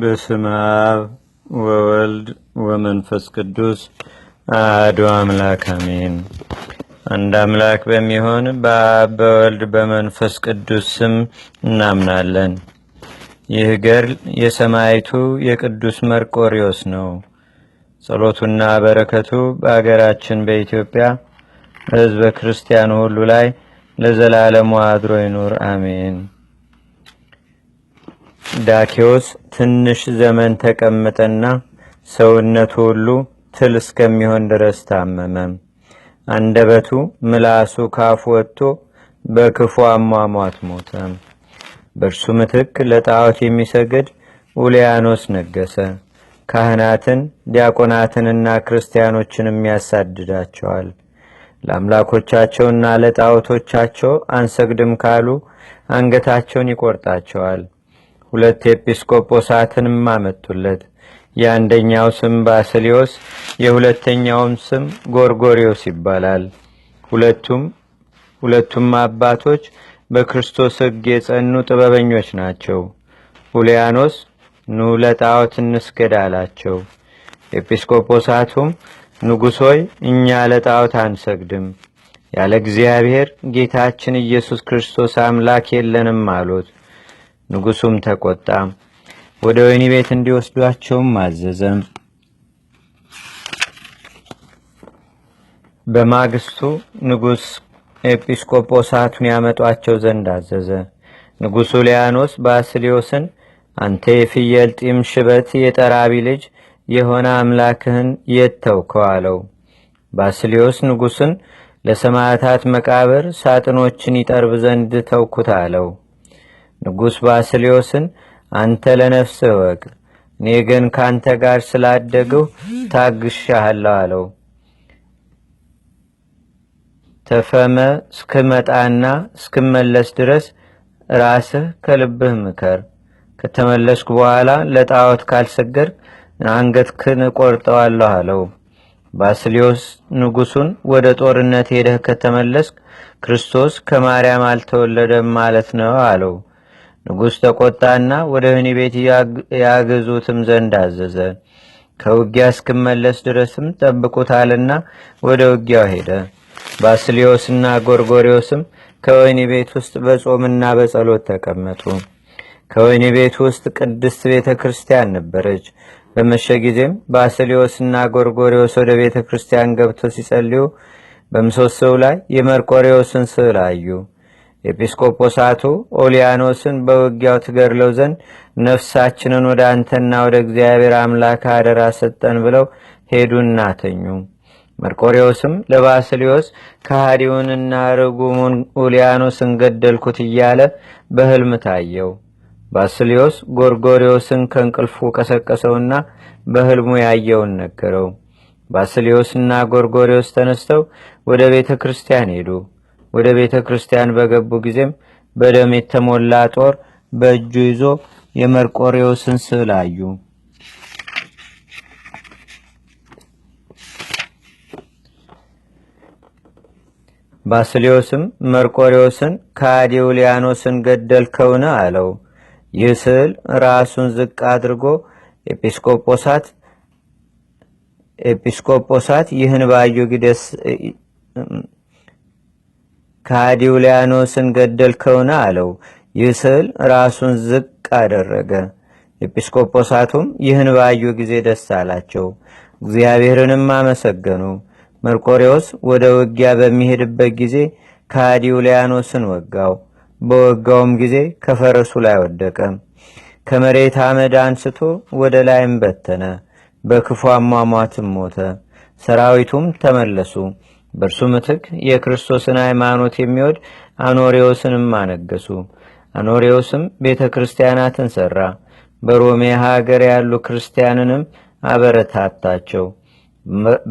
በስመ አብ ወወልድ ወመንፈስ ቅዱስ አሐዱ አምላክ አሜን። አንድ አምላክ በሚሆን በአብ በወልድ በመንፈስ ቅዱስ ስም እናምናለን። ይህ ገር የሰማይቱ የቅዱስ መርቆሪዎስ ነው። ጸሎቱና በረከቱ በአገራችን በኢትዮጵያ በህዝበ ክርስቲያኑ ሁሉ ላይ ለዘላለሙ አድሮ ይኑር አሜን። ዳኬዎስ ትንሽ ዘመን ተቀመጠና ሰውነቱ ሁሉ ትል እስከሚሆን ድረስ ታመመ። አንደበቱ ምላሱ ካፍ ወጥቶ በክፉ አሟሟት ሞተ። በእርሱ ምትክ ለጣዖት የሚሰግድ ኡሊያኖስ ነገሰ። ካህናትን ዲያቆናትንና ክርስቲያኖችን የሚያሳድዳቸዋል። ለአምላኮቻቸውና ለጣዖቶቻቸው አንሰግድም ካሉ አንገታቸውን ይቆርጣቸዋል። ሁለት ኤጲስቆጶሳትንም አመጡለት። የአንደኛው ስም ባስሊዮስ የሁለተኛውም ስም ጎርጎሪዮስ ይባላል። ሁለቱም ሁለቱም አባቶች በክርስቶስ ሕግ የጸኑ ጥበበኞች ናቸው። ሁሊያኖስ ኑ ለጣዖት እንስገድ አላቸው። ኤጲስቆጶሳቱም ንጉሥ ሆይ እኛ ለጣዖት አንሰግድም፣ ያለ እግዚአብሔር ጌታችን ኢየሱስ ክርስቶስ አምላክ የለንም አሉት። ንጉሱም ተቆጣ፣ ወደ ወይኒ ቤት እንዲወስዷቸውም አዘዘ። በማግስቱ ንጉስ ኤጲስቆጶሳቱን ያመጧቸው ዘንድ አዘዘ። ንጉሡ ሊያኖስ ባስልዮስን አንተ የፍየል ጢም ሽበት የጠራቢ ልጅ የሆነ አምላክህን የት ተውከው? አለው። ባስልዮስ ንጉሥን ለሰማዕታት መቃብር ሳጥኖችን ይጠርብ ዘንድ ተውኩት አለው። ንጉሥ ባስሌዎስን አንተ ለነፍስ እወቅ፣ እኔ ግን ካንተ ጋር ስላደግሁ ታግሻሃለሁ አለው። ተፈመ እስክመጣና እስክመለስ ድረስ ራስህ ከልብህ ምከር። ከተመለስኩ በኋላ ለጣዖት አንገት ክን እቆርጠዋለሁ አለው። ባስልዮስ ንጉሱን ወደ ጦርነት ሄደህ ከተመለስክ ክርስቶስ ከማርያም አልተወለደም ማለት ነው አለው። ንጉሥ ተቆጣና ወደ ወህኒ ቤት ያገዙትም ዘንድ አዘዘ። ከውጊያ እስክመለስ ድረስም ጠብቁታልና ወደ ውጊያው ሄደ። ባስልዮስና ጎርጎሪዎስም ከወህኒ ቤት ውስጥ በጾምና በጸሎት ተቀመጡ። ከወህኒ ቤት ውስጥ ቅድስት ቤተ ክርስቲያን ነበረች። በመሸ ጊዜም ባስልዮስና ጎርጎሪዎስ ወደ ቤተ ክርስቲያን ገብተው ሲጸልዩ በምሰሶው ላይ የመርቆሬዎስን ስዕል አዩ። ኤጲስቆጶሳቱ ኦሊያኖስን በውጊያው ትገድለው ዘንድ ነፍሳችንን ወደ አንተና ወደ እግዚአብሔር አምላክ አደራ ሰጠን ብለው ሄዱና ተኙ። መርቆሪዎስም ለባስልዮስ ካህዲውንና ርጉሙን ኡሊያኖስን ገደልኩት እያለ በሕልም ታየው። ባስልዮስ ጎርጎሪዎስን ከእንቅልፉ ቀሰቀሰውና በሕልሙ ያየውን ነገረው። ባስልዮስና ጎርጎሪዎስ ተነስተው ወደ ቤተ ክርስቲያን ሄዱ። ወደ ቤተ ክርስቲያን በገቡ ጊዜም በደም የተሞላ ጦር በእጁ ይዞ የመርቆሬዎስን ስዕል አዩ። ባስሌዎስም መርቆሬዎስን ከአዲውሊያኖስን ገደልከውን? አለው። ይህ ስዕል ራሱን ዝቅ አድርጎ ኤጲስቆጶሳት ኤጲስቆጶሳት ይህን ባዩ ከሃዲውሊያኖስን ገደል ገደልከውን? አለው። ይህ ስዕል ራሱን ዝቅ አደረገ። ኤጲስቆጶሳቱም ይህን ባዩ ጊዜ ደስ አላቸው፣ እግዚአብሔርንም አመሰገኑ። መርቆሬዎስ ወደ ውጊያ በሚሄድበት ጊዜ ከሃዲውሊያኖስን ወጋው። በወጋውም ጊዜ ከፈረሱ ላይ ወደቀ። ከመሬት አመድ አንስቶ ወደ ላይም በተነ። በክፉ አሟሟትም ሞተ። ሰራዊቱም ተመለሱ። በእርሱ ምትክ የክርስቶስን ሃይማኖት የሚወድ አኖሬዎስንም አነገሱ። አኖሬዎስም ቤተ ክርስቲያናትን ሠራ። በሮሜ ሀገር ያሉ ክርስቲያንንም አበረታታቸው።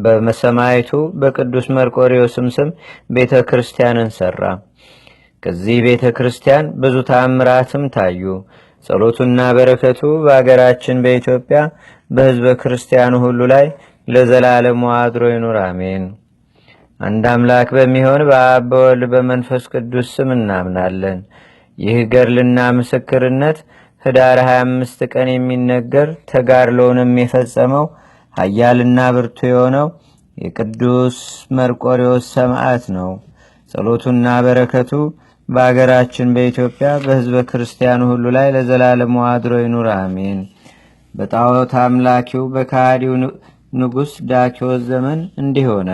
በመሰማይቱ በቅዱስ መርቆሪዎስም ስም ቤተ ክርስቲያንን ሠራ። ከዚህ ቤተ ክርስቲያን ብዙ ታምራትም ታዩ። ጸሎቱና በረከቱ በአገራችን በኢትዮጵያ በሕዝበ ክርስቲያኑ ሁሉ ላይ ለዘላለሙ አድሮ ይኑር፣ አሜን። አንድ አምላክ በሚሆን በአብ በወልድ በመንፈስ ቅዱስ ስም እናምናለን። ይህ ገድልና ምስክርነት ህዳር 25 ቀን የሚነገር ተጋድሎውንም የፈጸመው ኃያልና ብርቱ የሆነው የቅዱስ መርቆሪዎስ ሰማዕት ነው። ጸሎቱና በረከቱ በአገራችን በኢትዮጵያ በሕዝበ ክርስቲያኑ ሁሉ ላይ ለዘላለሙ አድሮ ይኑር፣ አሜን። በጣዖት አምላኪው በካሃዲው ንጉሥ ዳኪዎስ ዘመን እንዲህ ሆነ።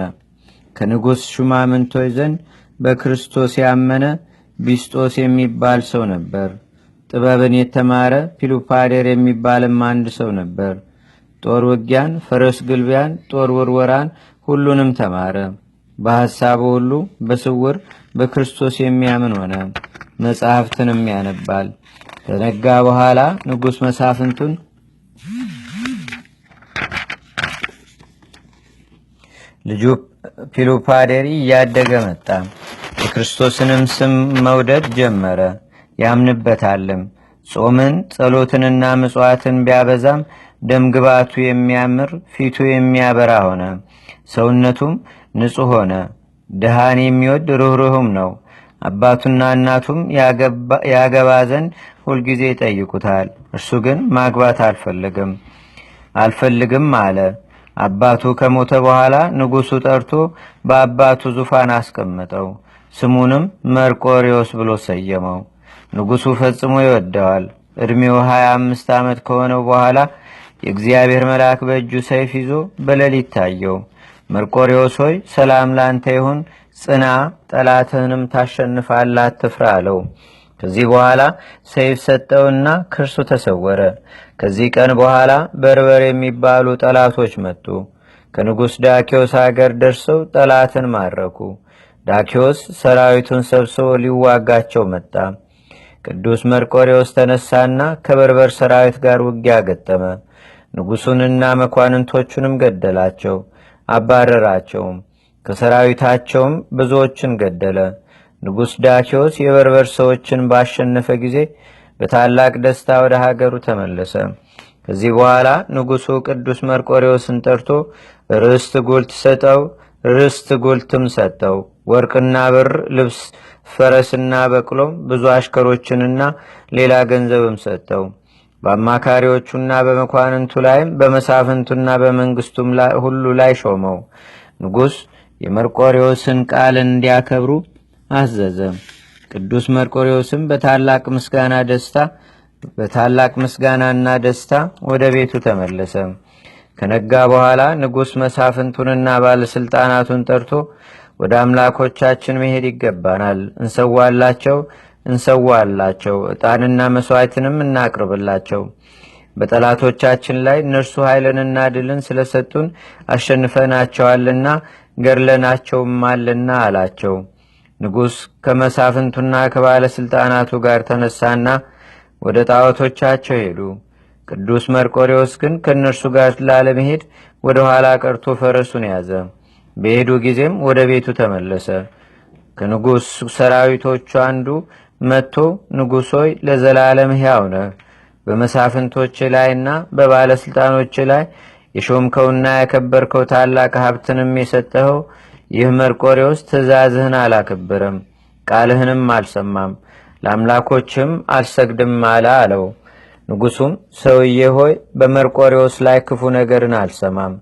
ከንጉሥ ሹማምንቶች ዘንድ በክርስቶስ ያመነ ቢስጦስ የሚባል ሰው ነበር። ጥበብን የተማረ ፒሉፓዴር የሚባልም አንድ ሰው ነበር። ጦር ውጊያን፣ ፈረስ ግልቢያን፣ ጦር ውርወራን ሁሉንም ተማረ። በሐሳቡ ሁሉ በስውር በክርስቶስ የሚያምን ሆነ። መጽሐፍትንም ያነባል። ከነጋ በኋላ ንጉሥ መሳፍንቱን ልጁ ፒሉፓዴሪ እያደገ መጣ። የክርስቶስንም ስም መውደድ ጀመረ፣ ያምንበታልም። ጾምን ጸሎትንና ምጽዋትን ቢያበዛም ደምግባቱ የሚያምር ፊቱ የሚያበራ ሆነ፣ ሰውነቱም ንጹሕ ሆነ። ድሃን የሚወድ ርኅርህም ነው። አባቱና እናቱም ያገባ ዘንድ ሁልጊዜ ይጠይቁታል። እርሱ ግን ማግባት አልፈልግም አልፈልግም አለ። አባቱ ከሞተ በኋላ ንጉሱ ጠርቶ በአባቱ ዙፋን አስቀመጠው። ስሙንም መርቆሪዎስ ብሎ ሰየመው። ንጉሡ ፈጽሞ ይወደዋል። ዕድሜው ሀያ አምስት ዓመት ከሆነው በኋላ የእግዚአብሔር መልአክ በእጁ ሰይፍ ይዞ በሌሊት ታየው። መርቆሪዎስ ሆይ ሰላም ላንተ ይሁን፣ ጽና፣ ጠላትህንም ታሸንፋላት ትፍራ አለው። ከዚህ በኋላ ሰይፍ ሰጠውና ክርሱ ተሰወረ። ከዚህ ቀን በኋላ በርበር የሚባሉ ጠላቶች መጡ። ከንጉሥ ዳኪዎስ አገር ደርሰው ጠላትን ማረኩ። ዳኪዎስ ሰራዊቱን ሰብስቦ ሊዋጋቸው መጣ። ቅዱስ መርቆሬዎስ ተነሳና ከበርበር ሰራዊት ጋር ውጊያ ገጠመ። ንጉሡንና መኳንንቶቹንም ገደላቸው፣ አባረራቸውም። ከሰራዊታቸውም ብዙዎችን ገደለ። ንጉሥ ዳኪዎስ የበርበር ሰዎችን ባሸነፈ ጊዜ በታላቅ ደስታ ወደ ሀገሩ ተመለሰ። ከዚህ በኋላ ንጉሡ ቅዱስ መርቆሪዎስን ጠርቶ ርስት ጉልት ሰጠው። ርስት ጉልትም ሰጠው። ወርቅና ብር፣ ልብስ፣ ፈረስና በቅሎም ብዙ አሽከሮችንና ሌላ ገንዘብም ሰጠው። በአማካሪዎቹና በመኳንንቱ ላይም በመሳፍንቱና በመንግስቱም ሁሉ ላይ ሾመው። ንጉሥ የመርቆሪዎስን ቃል እንዲያከብሩ አዘዘም። ቅዱስ መርቆሬዎስም በታላቅ ምስጋና ደስታ በታላቅ ምስጋናና ደስታ ወደ ቤቱ ተመለሰ። ከነጋ በኋላ ንጉሥ መሳፍንቱንና ባለሥልጣናቱን ጠርቶ ወደ አምላኮቻችን መሄድ ይገባናል፣ እንሰዋላቸው እንሰዋላቸው፣ ዕጣንና መሥዋዕትንም እናቅርብላቸው በጠላቶቻችን ላይ እነርሱ ኃይልንና ድልን ስለሰጡን አሸንፈናቸዋልና ገድለናቸውማልና አላቸው። ንጉሥ ከመሳፍንቱና ከባለሥልጣናቱ ጋር ተነሳና ወደ ጣዖቶቻቸው ሄዱ። ቅዱስ መርቆሪዎስ ግን ከእነርሱ ጋር ላለመሄድ ወደ ኋላ ቀርቶ ፈረሱን ያዘ። በሄዱ ጊዜም ወደ ቤቱ ተመለሰ። ከንጉሥ ሰራዊቶቹ አንዱ መጥቶ ንጉሶይ ለዘላለም ሕያው ነህ፣ በመሳፍንቶች ላይና በባለሥልጣኖች ላይ የሾምከውና ያከበርከው ታላቅ ሀብትንም የሰጠኸው ይህ መርቆሬዎስ ትእዛዝህን አላከበረም፣ ቃልህንም አልሰማም፣ ለአምላኮችም አልሰግድም አለ አለው። ንጉሱም ሰውዬ ሆይ በመርቆሬዎስ ላይ ክፉ ነገርን አልሰማም፣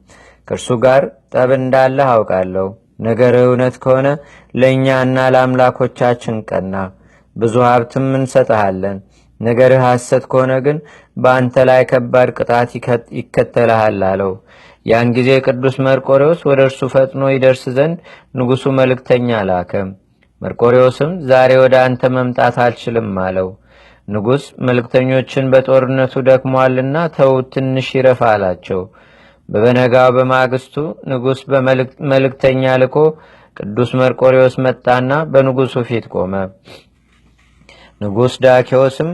ከእርሱ ጋር ጠብ እንዳለ አውቃለሁ። ነገር እውነት ከሆነ ለእኛና ለአምላኮቻችን ቀና፣ ብዙ ሀብትም እንሰጠሃለን። ነገርህ ሐሰት ከሆነ ግን በአንተ ላይ ከባድ ቅጣት ይከተልሃል አለው። ያን ጊዜ ቅዱስ መርቆሬዎስ ወደ እርሱ ፈጥኖ ይደርስ ዘንድ ንጉሡ መልእክተኛ ላከ። መርቆሬዎስም ዛሬ ወደ አንተ መምጣት አልችልም አለው። ንጉሥ መልእክተኞችን በጦርነቱ ደክሟልና ተው ትንሽ ይረፍ አላቸው። በበነጋው በማግስቱ ንጉሥ በመልእክተኛ ልኮ ቅዱስ መርቆሬዎስ መጣና በንጉሡ ፊት ቆመ። ንጉሥ ዳኪዎስም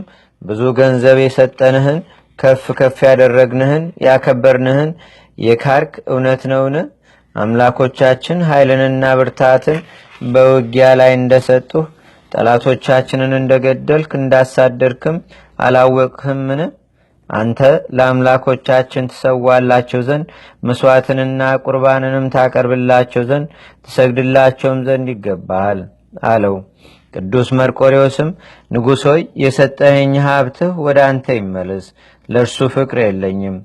ብዙ ገንዘብ የሰጠንህን ከፍ ከፍ ያደረግንህን ያከበርንህን የካርክ እውነት ነውን? አምላኮቻችን ኃይልንና ብርታትን በውጊያ ላይ እንደሰጡህ ጠላቶቻችንን እንደገደልክ እንዳሳደርክም አላወቅህምን? አንተ ለአምላኮቻችን ትሰዋላቸው ዘንድ መስዋዕትንና ቁርባንንም ታቀርብላቸው ዘንድ ትሰግድላቸውም ዘንድ ይገባሃል አለው። ቅዱስ መርቆሬዎስም ንጉሥ ሆይ የሰጠኸኝ ሀብትህ ወደ አንተ ይመለስ፣ ለእርሱ ፍቅር የለኝም።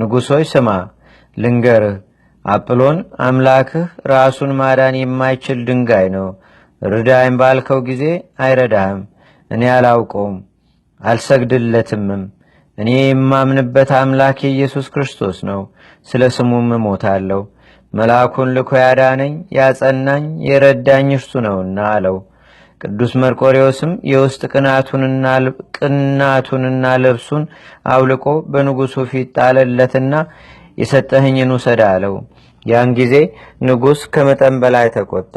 ንጉሥ ሆይ ስማ ልንገርህ፣ አጵሎን አምላክህ ራሱን ማዳን የማይችል ድንጋይ ነው። ርዳይም ባልከው ጊዜ አይረዳህም። እኔ አላውቀውም አልሰግድለትምም። እኔ የማምንበት አምላክ የኢየሱስ ክርስቶስ ነው። ስለ ስሙም እሞታለሁ። መልአኩን ልኮ ያዳነኝ፣ ያጸናኝ፣ የረዳኝ እርሱ ነውና አለው። ቅዱስ መርቆሬዎስም የውስጥ ቅናቱንና ልብሱን አውልቆ በንጉሱ ፊት ጣለለትና የሰጠህኝን ውሰድ አለው። ያን ጊዜ ንጉሥ ከመጠን በላይ ተቆጣ።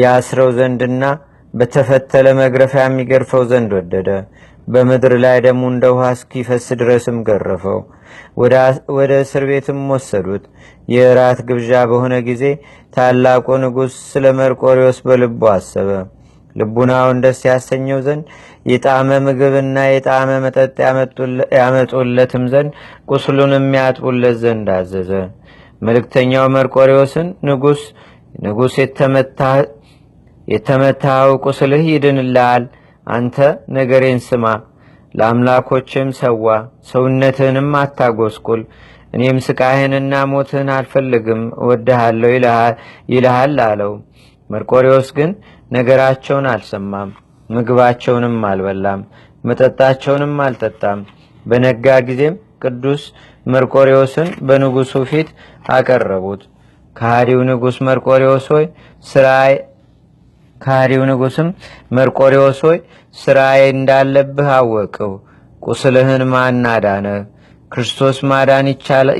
የአስረው ዘንድና በተፈተለ መግረፊያ የሚገርፈው ዘንድ ወደደ። በምድር ላይ ደሙ እንደ ውሃ እስኪፈስ ድረስም ገረፈው። ወደ እስር ቤትም ወሰዱት። የእራት ግብዣ በሆነ ጊዜ ታላቁ ንጉሥ ስለ መርቆሪዎስ በልቦ አሰበ። ልቡናውን ደስ ያሰኘው ዘንድ የጣመ ምግብና የጣዕመ መጠጥ ያመጡለትም ዘንድ ቁስሉን የሚያጥቡለት ዘንድ አዘዘ። መልእክተኛው መርቆሪዎስን ንጉስ ንጉስ የተመታው ቁስልህ ይድንልሃል፣ አንተ ነገሬን ስማ፣ ለአምላኮችም ሰዋ፣ ሰውነትህንም አታጎስቁል። እኔም ስቃህንና ሞትህን አልፈልግም፣ እወድሃለሁ ይልሃል አለው። መርቆሪዎስ ግን ነገራቸውን አልሰማም፣ ምግባቸውንም አልበላም፣ መጠጣቸውንም አልጠጣም። በነጋ ጊዜም ቅዱስ መርቆሪዎስን በንጉሱ ፊት አቀረቡት። ከሃዲው ንጉስ መርቆሪዎስ ሆይ ስራይ ከሃዲው ንጉስም መርቆሪዎስ ሆይ ስራዬ እንዳለብህ አወቅሁ። ቁስልህን ማናዳነ ክርስቶስ ማዳን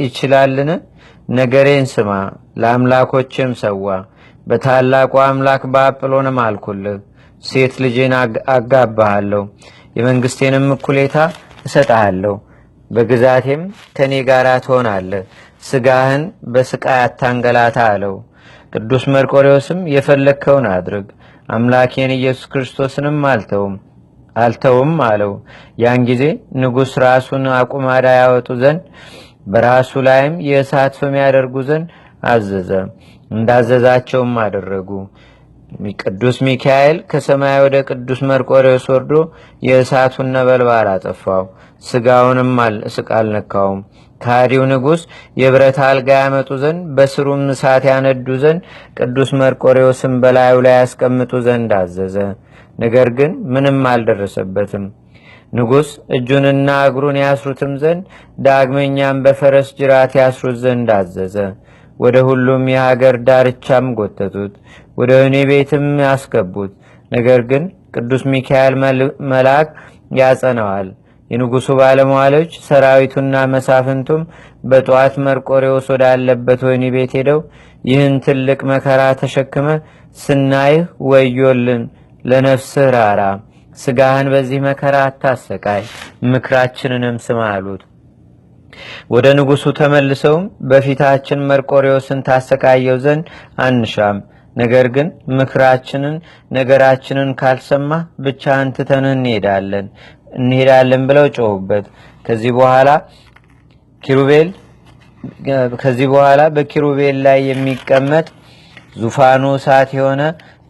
ይችላልን? ነገሬን ስማ፣ ለአምላኮችም ሰዋ በታላቁ አምላክ በአጵሎን ማልኩልህ። ሴት ልጄን አጋባሃለሁ፣ የመንግሥቴንም እኩሌታ እሰጠሃለሁ፣ በግዛቴም ከእኔ ጋር ትሆናለህ፣ ሥጋህን በሥቃይ አታንገላታ አለው። ቅዱስ መርቆሬዎስም የፈለግከውን አድርግ፣ አምላኬን ኢየሱስ ክርስቶስንም አልተውም አልተውም አለው። ያን ጊዜ ንጉሥ ራሱን አቁማዳ ያወጡ ዘንድ በራሱ ላይም የእሳት ፍም ያደርጉ ዘንድ አዘዘ። እንዳዘዛቸውም አደረጉ። ቅዱስ ሚካኤል ከሰማይ ወደ ቅዱስ መርቆሬዎስ ወርዶ የእሳቱን ነበልባል አጠፋው፣ ስጋውንም ስቃ አልነካውም። ካዲው ንጉሥ የብረት አልጋ ያመጡ ዘንድ በስሩም እሳት ያነዱ ዘንድ ቅዱስ መርቆሬዎስን በላዩ ላይ ያስቀምጡ ዘንድ አዘዘ። ነገር ግን ምንም አልደረሰበትም። ንጉሥ እጁንና እግሩን ያስሩትም ዘንድ ዳግመኛም በፈረስ ጅራት ያስሩት ዘንድ አዘዘ። ወደ ሁሉም የሀገር ዳርቻም ጎተቱት፣ ወደ እኔ ቤትም ያስገቡት። ነገር ግን ቅዱስ ሚካኤል መልአክ ያጸነዋል። የንጉሡ ባለሟሎች ሰራዊቱና መሳፍንቱም በጠዋት መርቆሬዎስ ወዳለበት ወይኒ ቤት ሄደው ይህን ትልቅ መከራ ተሸክመ ስናይህ ወዮልን፣ ለነፍስህ ራራ፣ ስጋህን በዚህ መከራ አታሰቃይ፣ ምክራችንንም ስማ አሉት። ወደ ንጉሱ ተመልሰውም በፊታችን መርቆሪዎስን ታሰቃየው ዘንድ አንሻም፣ ነገር ግን ምክራችንን፣ ነገራችንን ካልሰማ ብቻ ትተን እንሄዳለን እንሄዳለን ብለው ጮሁበት። ከዚህ በኋላ ኪሩቤል ከዚህ በኋላ በኪሩቤል ላይ የሚቀመጥ ዙፋኑ እሳት የሆነ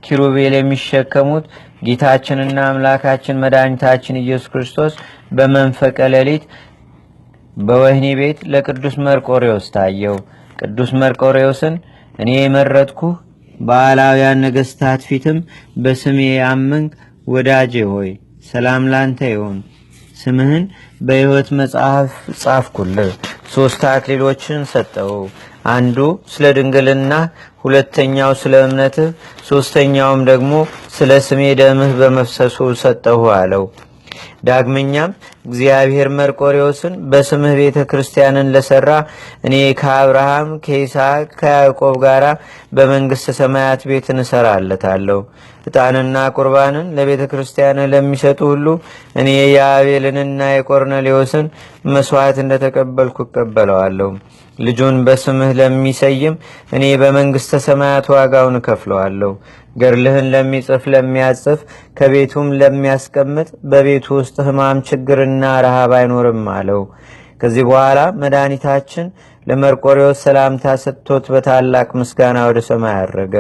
ኪሩቤል የሚሸከሙት ጌታችንና አምላካችን መድኃኒታችን ኢየሱስ ክርስቶስ በመንፈቀ ሌሊት በወህኒ ቤት ለቅዱስ መርቆሬዎስ ታየው። ቅዱስ መርቆሬዎስን እኔ የመረጥኩ በዓላውያን ነገሥታት ፊትም በስሜ ያመንክ ወዳጄ ሆይ ሰላም ላንተ ይሁን። ስምህን በሕይወት መጽሐፍ ጻፍኩልህ። ሦስት አክሊሎችን ሰጠው። አንዱ ስለ ድንግልና፣ ሁለተኛው ስለ እምነትህ፣ ሦስተኛውም ደግሞ ስለ ስሜ ደምህ በመፍሰሱ ሰጠሁ አለው። ዳግመኛም እግዚአብሔር መርቆሪዎስን በስምህ ቤተ ክርስቲያንን ለሰራ እኔ ከአብርሃም ከይስሐቅ ከያዕቆብ ጋር በመንግሥተ ሰማያት ቤትን እንሰራለታለሁ ዕጣንና ቁርባንን ለቤተ ክርስቲያን ለሚሰጡ ሁሉ እኔ የአቤልንና የቆርኔሌዎስን መስዋዕት እንደተቀበልኩ እቀበለዋለሁ። ልጁን በስምህ ለሚሰይም እኔ በመንግሥተ ሰማያት ዋጋውን እከፍለዋለሁ። ገርልህን ለሚጽፍ ለሚያጽፍ፣ ከቤቱም ለሚያስቀምጥ በቤቱ ውስጥ ህማም ችግርና ረሃብ አይኖርም አለው። ከዚህ በኋላ መድኃኒታችን ለመርቆሬዎስ ሰላምታ ሰጥቶት በታላቅ ምስጋና ወደ ሰማይ አረገ።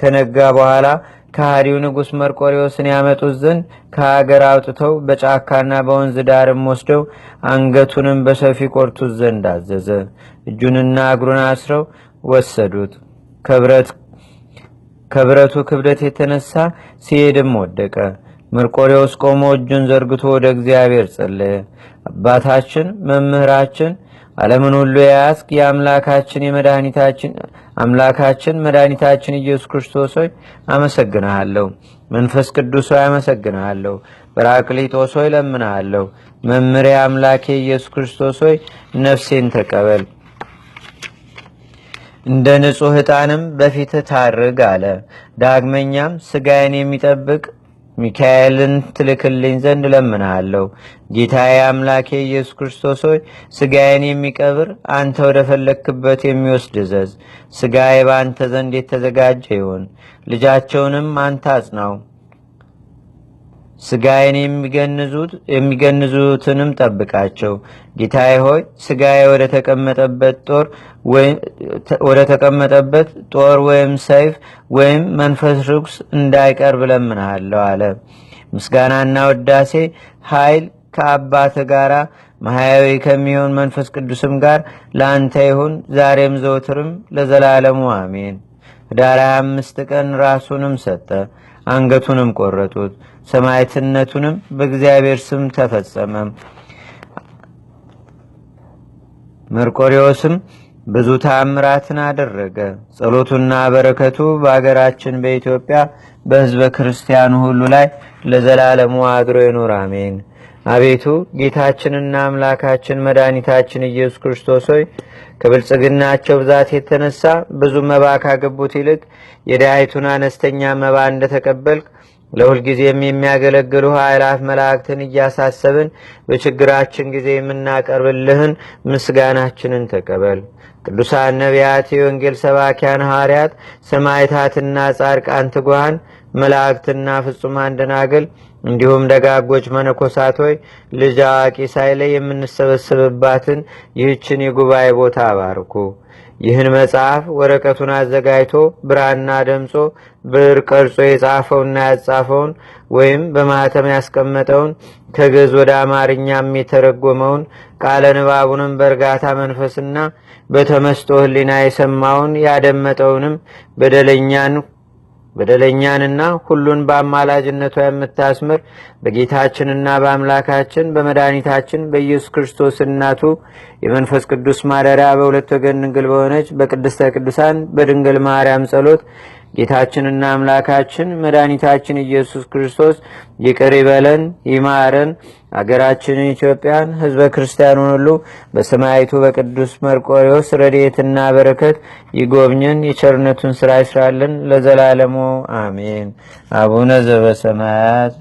ከነጋ በኋላ ከሃዲው ንጉሥ መርቆሪዎስን ያመጡት ዘንድ ከሀገር አውጥተው በጫካና በወንዝ ዳርም ወስደው አንገቱንም በሰፊ ቆርቱት ዘንድ አዘዘ። እጁንና እግሩን አስረው ወሰዱት። ከብረቱ ክብደት የተነሳ ሲሄድም ወደቀ። መርቆሪዎስ ቆሞ እጁን ዘርግቶ ወደ እግዚአብሔር ጸለየ። አባታችን መምህራችን አለምን ሁሉ የያዝክ የአምላካችን የመድኃኒታችን አምላካችን መድኃኒታችን ኢየሱስ ክርስቶስ ሆይ አመሰግንሃለሁ። መንፈስ ቅዱስ ሆይ አመሰግንሃለሁ። ጰራቅሊጦስ ሆይ ለምንሃለሁ። መምሬ አምላኬ ኢየሱስ ክርስቶስ ሆይ ነፍሴን ተቀበል፣ እንደ ንጹሕ ዕጣንም በፊትህ ታርግ አለ። ዳግመኛም ስጋዬን የሚጠብቅ ሚካኤልን ትልክልኝ ዘንድ ለምንሃለሁ ጌታዬ አምላኬ ኢየሱስ ክርስቶስ ሆይ ስጋዬን የሚቀብር አንተ ወደ ፈለግክበት የሚወስድ እዘዝ። ስጋዬ በአንተ ዘንድ የተዘጋጀ ይሆን። ልጃቸውንም አንተ አጽናው ስጋዬን የሚገንዙትንም ጠብቃቸው። ጌታዬ ሆይ ስጋዬ ወደ ተቀመጠበት ጦር ወይም ሰይፍ ወይም መንፈስ ርኩስ እንዳይቀርብ እለምንሃለሁ አለ። ምስጋናና ወዳሴ ኃይል ከአባት ጋር ማህያዊ ከሚሆን መንፈስ ቅዱስም ጋር ለአንተ ይሁን ዛሬም ዘውትርም ለዘላለሙ አሜን። ዳር 25 ቀን ራሱንም ሰጠ፣ አንገቱንም ቆረጡት። ሰማዕትነቱንም በእግዚአብሔር ስም ተፈጸመ። መርቆሪዎስም ብዙ ታምራትን አደረገ። ጸሎቱና በረከቱ በአገራችን በኢትዮጵያ በህዝበ ክርስቲያኑ ሁሉ ላይ ለዘላለሙ አድሮ ይኑር፣ አሜን። አቤቱ ጌታችንና አምላካችን መድኃኒታችን ኢየሱስ ክርስቶስ ሆይ ከብልጽግናቸው ብዛት የተነሳ ብዙ መባ ካገቡት ይልቅ የድሃይቱን አነስተኛ መባ እንደተቀበልክ ለሁልጊዜም የሚያገለግሉ ኃይላት መላእክትን እያሳሰብን በችግራችን ጊዜ የምናቀርብልህን ምስጋናችንን ተቀበል። ቅዱሳን ነቢያት፣ የወንጌል ሰባኪያን ሐዋርያት፣ ሰማይታትና ጻድቃን ትጓሃን መላእክትና ፍጹማን ደናግል እንዲሁም ደጋጎች መነኮሳት ሆይ ልጅ አዋቂ ሳይለይ የምንሰበስብባትን ይህችን የጉባኤ ቦታ አባርኩ። ይህን መጽሐፍ ወረቀቱን አዘጋጅቶ ብራና ደምጾ ብር ቀርጾ የጻፈውና ያጻፈውን ወይም በማተም ያስቀመጠውን ከግዕዝ ወደ አማርኛም የተረጎመውን ቃለ ንባቡንም በእርጋታ መንፈስና በተመስጦ ህሊና የሰማውን ያደመጠውንም በደለኛን በደለኛንና ሁሉን በአማላጅነቷ የምታስምር በጌታችንና በአምላካችን በመድኃኒታችን በኢየሱስ ክርስቶስ እናቱ የመንፈስ ቅዱስ ማደሪያ በሁለት ወገን ድንግል በሆነች በቅድስተ ቅዱሳን በድንግል ማርያም ጸሎት ጌታችንና አምላካችን መድኃኒታችን ኢየሱስ ክርስቶስ ይቅር ይበለን ይማረን። አገራችንን ኢትዮጵያን፣ ህዝበ ክርስቲያኑን ሁሉ በሰማይቱ በቅዱስ መርቆሪዎስ ረድኤትና በረከት ይጎብኝን የቸርነቱን ስራ ይስራልን ለዘላለሙ አሜን። አቡነ ዘበሰማያት